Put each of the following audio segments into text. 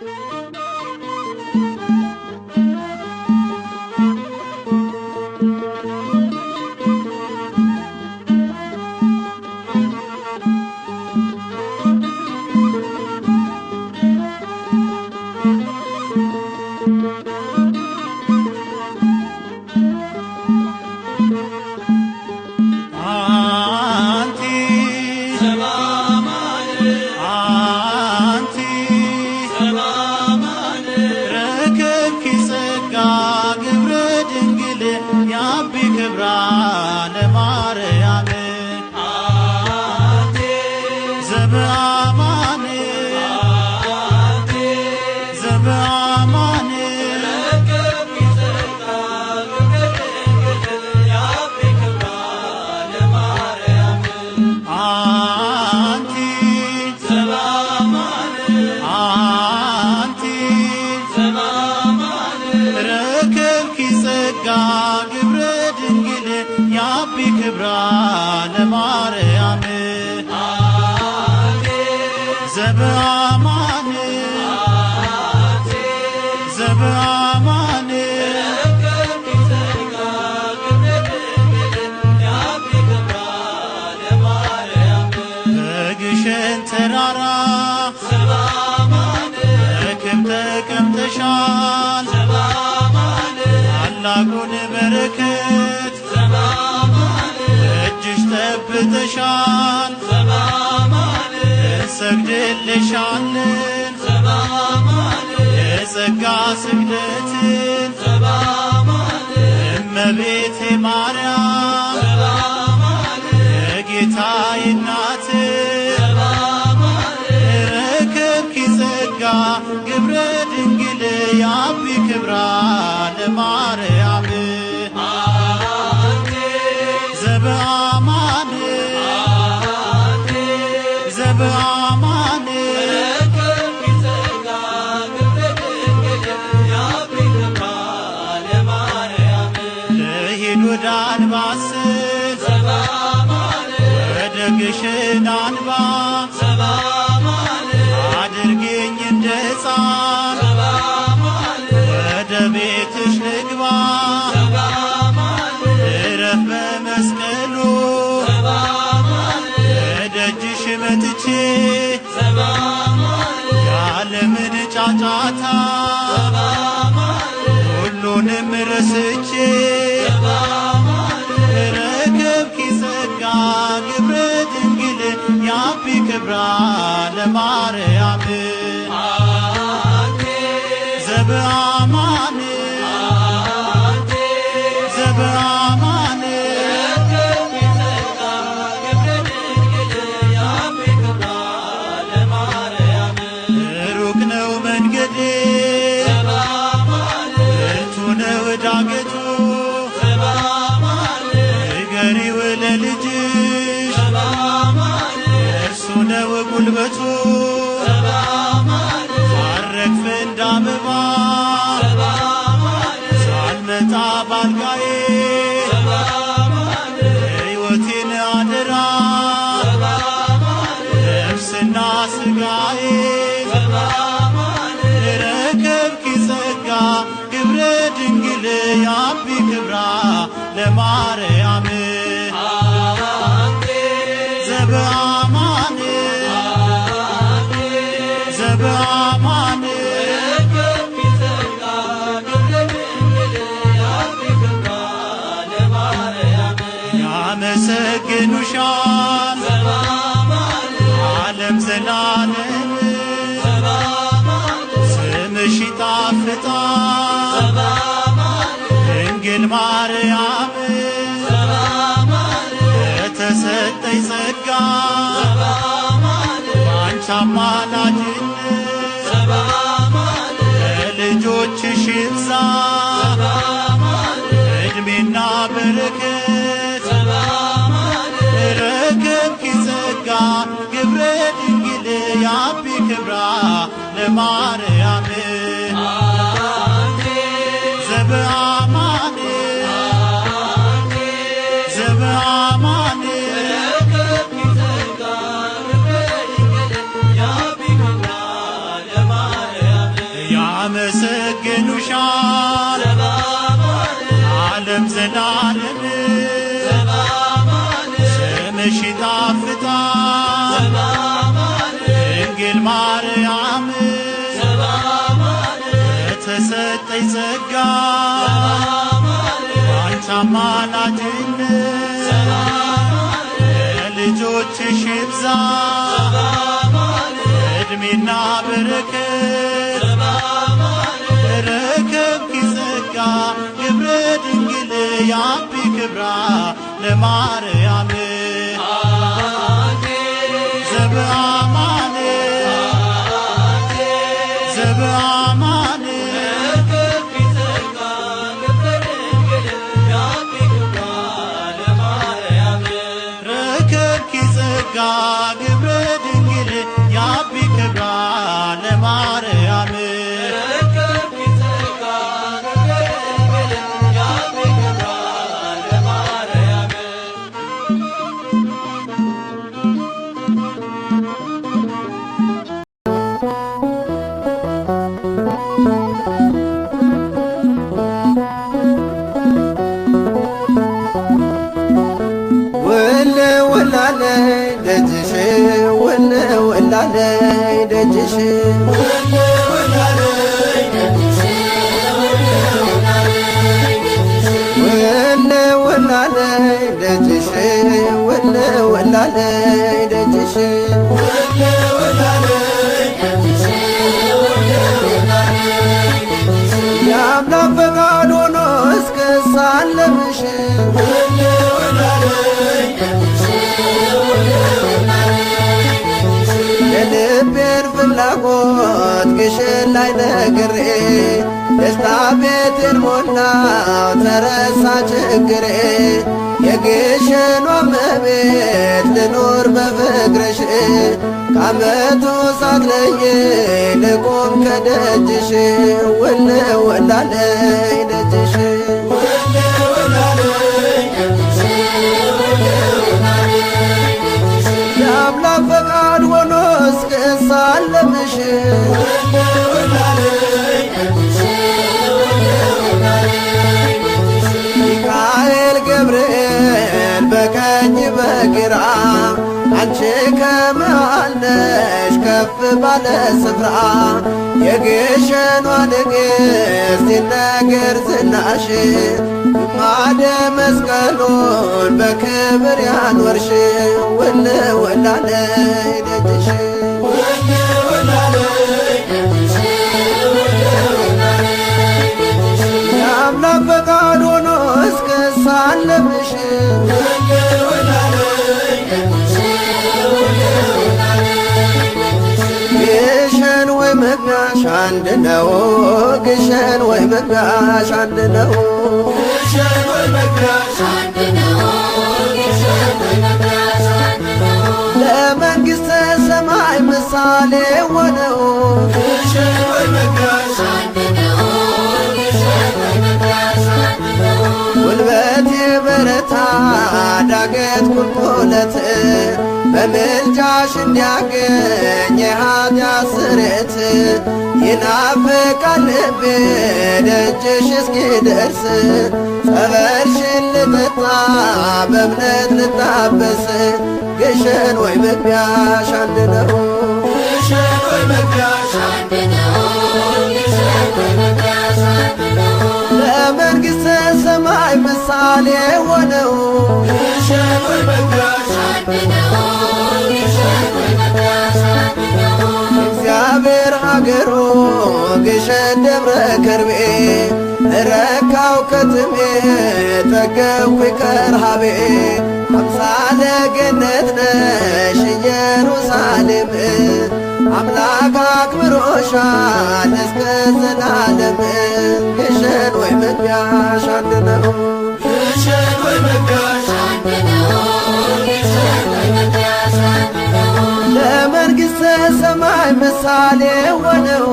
Música Rabbah. በማማን በማማን እንሰግድልሻለን በማማን የጸጋ ስግደትን እመቤቴ ማርያም ረከብኪ ጸጋ ግብረ ድንግል ያቢ ክብራ ለማረ ረስቼ ረከብኪ ጸጋ ግብረ ድንግል ያቢ ክብራ ለማርያም ማርያም የተሰጠኝ ጸጋ አንቺ አማላጅነት ለልጆችሽ ይብዛ እድሜና በረከት ረከብኪ ጸጋ ግብረ ድንግል ያቢ ክብራ ለማርያም አማላጅነት ልጆችሽ ይብዛ እድሜና በረከት ረከብኪ ጸጋ ግብረ ድንግል ያቢ ክብራ ለማርያም ዘበአ የልቤን ፍላጎት ግሽን ላይ ነግሬ ደስታ ቤትን ሞላው ተረሳ ችግሬ የግሽኗ እመቤት ልኖር በፍቅርሽ ከአመቱ ሳትለይ ልቆም ከደጅሽ ውል ወላለይ ደጅሽ እስክሳለምሽ ሚካኤል ገብርኤል በቀኝ በግራ አንቺ ከመሃልነሽ ከፍ ባለ ስፍራ የግሸኗ ንግሥት ይነገር ዝናሽ ማደ መስቀሉን በክብር ያኖርሽ ውልውላነ ደጅሽ የአምላክ ፈቃድ ግሸን ወይ መግቢያሽ አንድ ነው። ግሸን ወይ መግቢያሽ አድነኝ የኃጢአት ስርየት ይናፍቃል ልቤ ደጅሽ እስኪደርስ ጸበልሽን ልጠጣ በእምነት ልታበስ ግሸን ግሸን ወይ መግቢያሽ አንድ ነው ለመንግሥተ ሰማይ ምሳሌ ሆነው ግሸን ወይ መግቢያሽ አንድ ነው ሀገሮ ግሸን ደብረ ከርቤ ረካው ከትሜ ጠገብ ከርሃቤ አምሳለ ገነት ነሽ ኢየሩሳሌም አምላክ አክብሮሻል እስከ ዘላለም ግሸን ወይ መግቢያሽ አንድ ነው ግሸን ወይ መግቢያ ምሳሌ ሆነው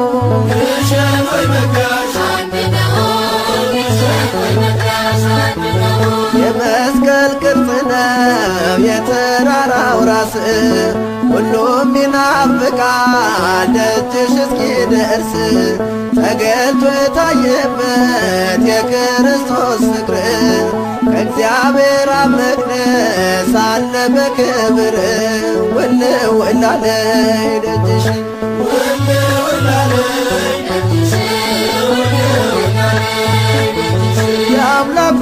ነው የተራራው ራስ ሁሉም ይናፍቃል ደጅሽ እስኪደርስ ተገልጦ የታየበት የክርስቶስ ፍቅር ከእግዚአብሔር አብ መቅደስ አለ በክብር ውልው ላለይ ደጅሽ የአምላክ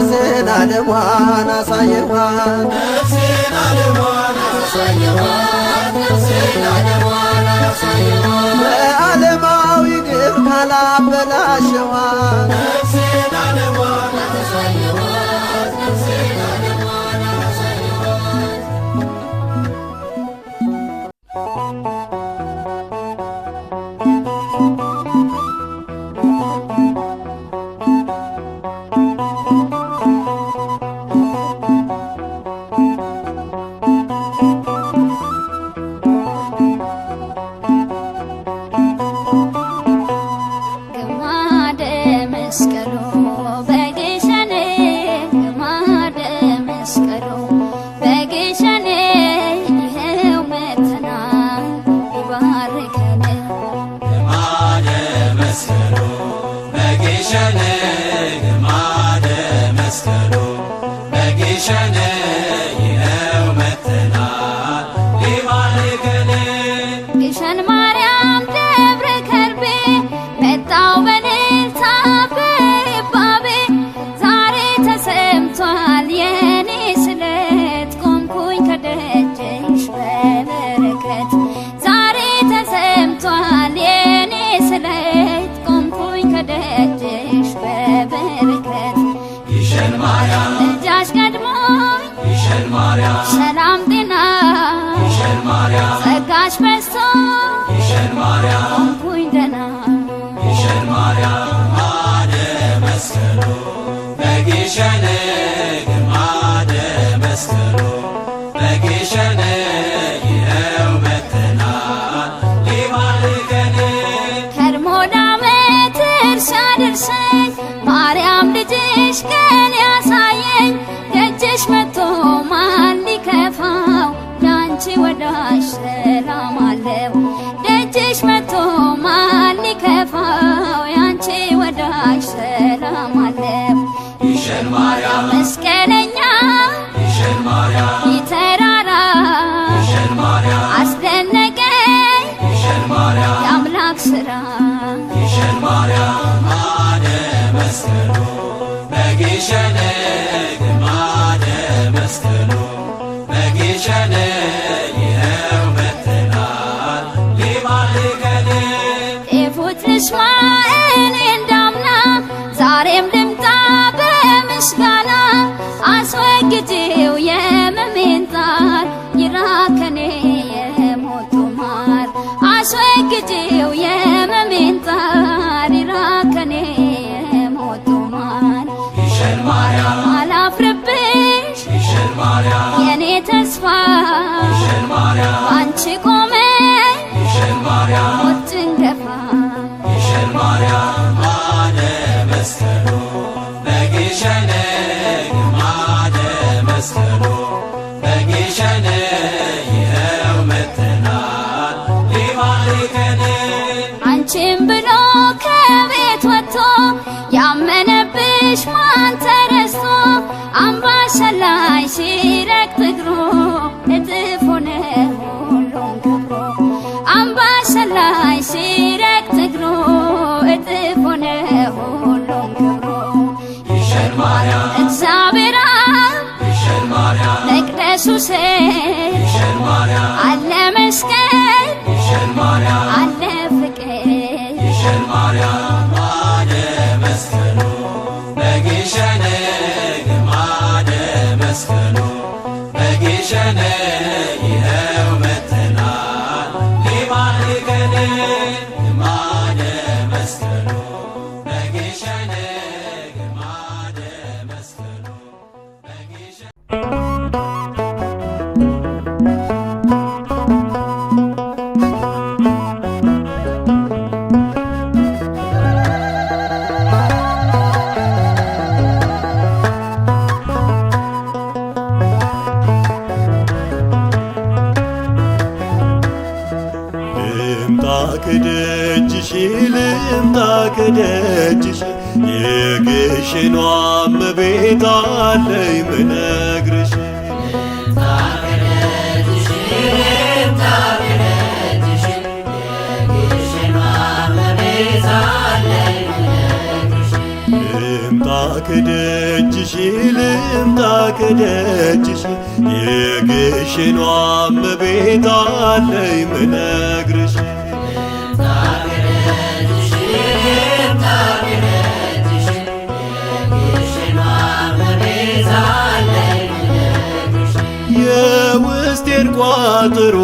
ነፍሴን አለሟን አሳየኋት በዓለማዊ ግብ ካላበላሸዋት መስከሮ መጌሸነ ግማደ መስከሮ መጌሸነ espresso سلام ከደጅሽ የግሽኗ እመቤት አለኝ ምነግርሽ ከደጅሽ ልምጣ ከደጅሽ የግሽኗ እመቤት አለኝ ምነግርሽ የውስጤን ቋጥሮ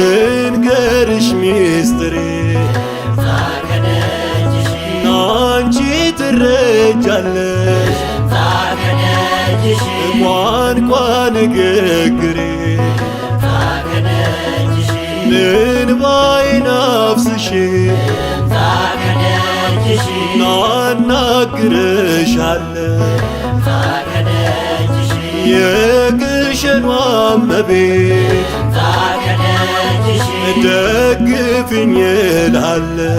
እንገርሽ ሚስጥሬ አንቺ ትረጃለሽ ቋንቋ ንግግሬ እንባይ ናፍስሽ ናናግርሻለሁ የግሸኗ እመቤት ደግፊኝ እላለሁ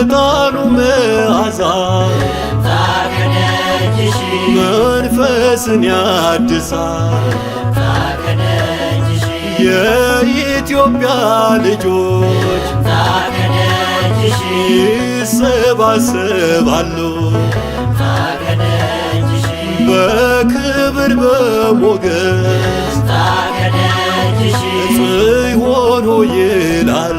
የዕጣኑ መዓዛ መንፈስን ያድሳል። የኢትዮጵያ ልጆች ይሰባሰባሉ በክብር በሞገስ ጽዮን ሆኖ ይላሉ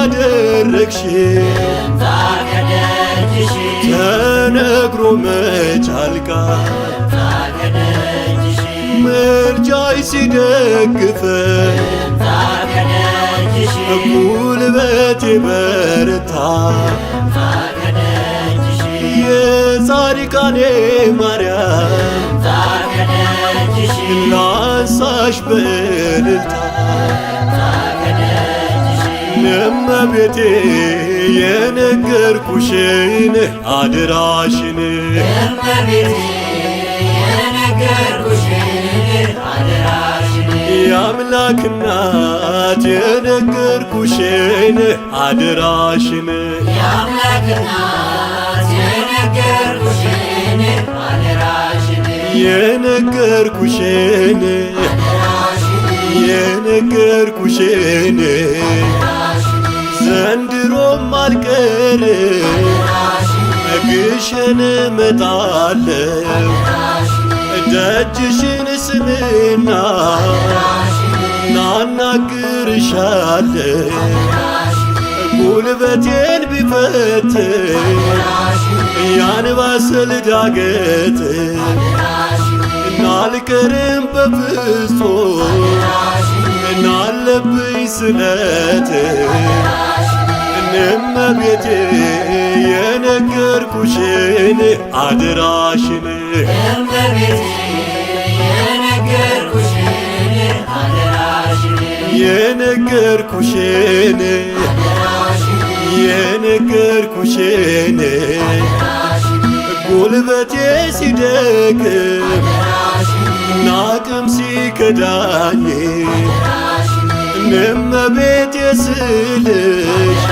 አደረግሽ ተነግሮ መች አልቃል ምርጫይ ሲደግፈ ጉልበቴ በረታ የጻድቃኔ ማርያም ላንሳሽ በእልልታ እመቤቴ የነገርኩሽን አደራሽን የአምላክ እናት የነገርኩሽን አደራሽን የነገርኩሽን የነገርኩሽን ዘንድሮም አልቀርም ነግሸን መጣለ ደጅሽን ስምና ናናግርሻለሁ ጉልበቴን ቢፈት ያንባሰል ዳገት እናልቀርም በፍጹም ዝና አለብኝ ስለትህ እመቤቴ የነገርኩሽን አደራሽን የነገርኩሽን የነገርኩሽን ጉልበቴ ሲደክም ናቅም ሲከዳኝ እመቤቴ ስልሽ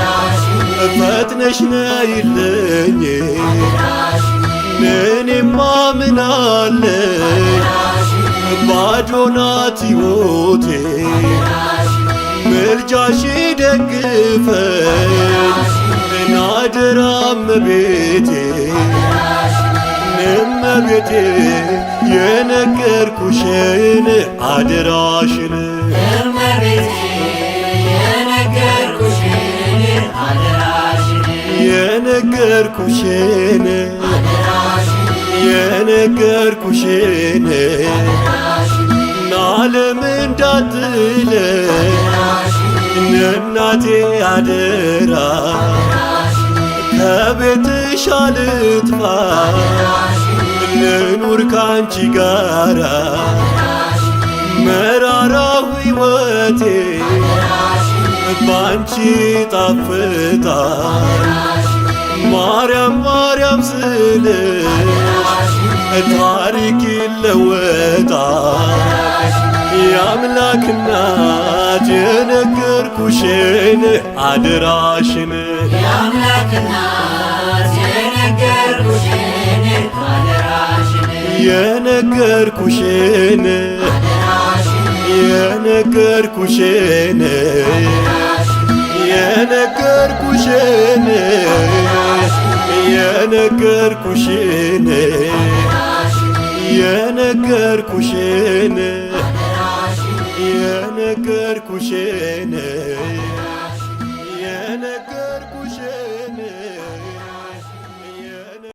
ፈጥነሽ ነይልኝ እኔማ ምን አለኝ ባዶ ናት ሕይወቴ ምልጃሽ ደግፈኝ ናደራ እመቤቴ እመቤቴ የነገርኩሽን አደራሽን የነገርኩሽን የነገርኩሽን ናለም እንዳትለ እናቴ አደራ ከቤት ጥለሻ ልጥፋ ልኑር ካንቺ ጋራ መራራው ሕይወቴ ባንቺ ጣፍታ ማርያም ማርያም ስልሽ ታሪክ ይለወጣ የአምላክናት የነገርኩሽን አደራሽን የነገርኩሽን የነገርኩሽን የነገርኩሽን የነገርኩሽን የነገርኩሽን የነገርኩሽን